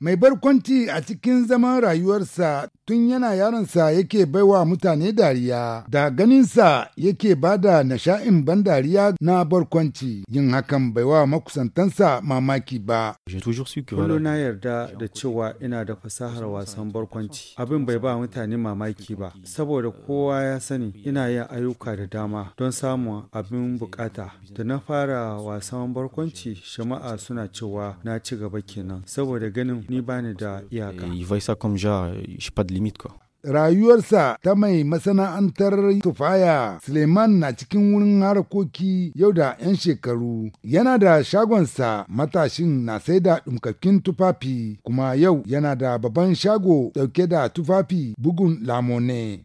Mai barkwanci a cikin zaman rayuwarsa tun yana yaronsa yake baiwa mutane dariya, da ganinsa yake ba da nasha'in ban dariya na barkwanci yin hakan baiwa makusantansa mamaki ba. Kullum na yarda da cewa ina da fasahar wasan barkwanci, abin bai ba mutane mamaki ba, saboda kowa ya sani ina yin ayyuka da dama don samun abin bukata. Da na fara wasan barkwanci, shama'a suna cewa na ci gaba kenan, saboda ganin ni bani da iyaka. Eh, euh, Rayuwarsa ta mai masana'antar tufaya Suleiman na cikin wurin harkoki yau da 'yan shekaru. Yana da shagonsa matashin na sai da ɗumkakkin tufafi kuma yau yana da babban shago ɗauke da tufafi bugun lamone.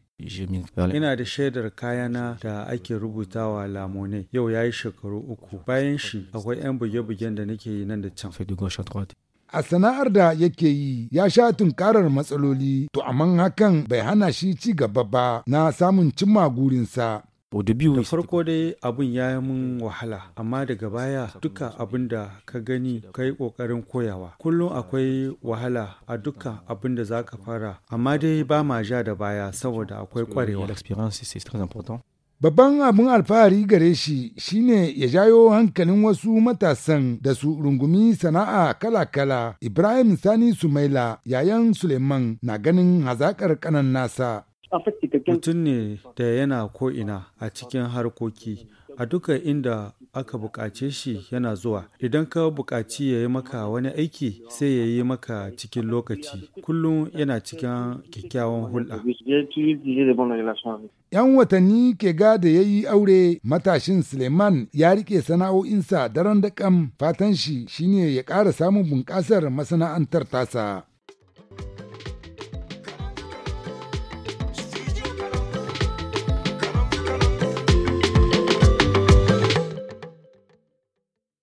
Ina da shaidar kayana da ake rubutawa lamone yau ya yi shekaru uku bayan shi akwai 'yan buge-bugen da nake yi nan da can. a sana'ar da yake yi ya sha tunkarar matsaloli to amma hakan bai hana shi ci gaba ba na samun cimma gurinsa da farko dai abun ya yi mun wahala amma daga baya duka abin da ka gani ka yi ƙoƙarin koyawa kullum akwai wahala a duka abin da za ka fara amma dai ba ma ja da baya saboda akwai ƙwarewa Babban abin alfahari gare shi shine ya jayo hankalin wasu matasan da su rungumi sana'a kala-kala. Ibrahim Sani Sumaila yayan Suleiman na ganin hazakar kanan nasa. Mutum ne da yana ko'ina a cikin harkoki. a duka inda aka bukace shi yana zuwa idan ka buƙaci ya yi maka wani aiki sai ya yi maka cikin lokaci kullum yana cikin kyakkyawan hulɗa 'yan watanni ke gada ya yi aure matashin suleiman ya rike sana'o'insa daren da kam fatan shi shine ya ƙara samun bunƙasar masana'antar tasa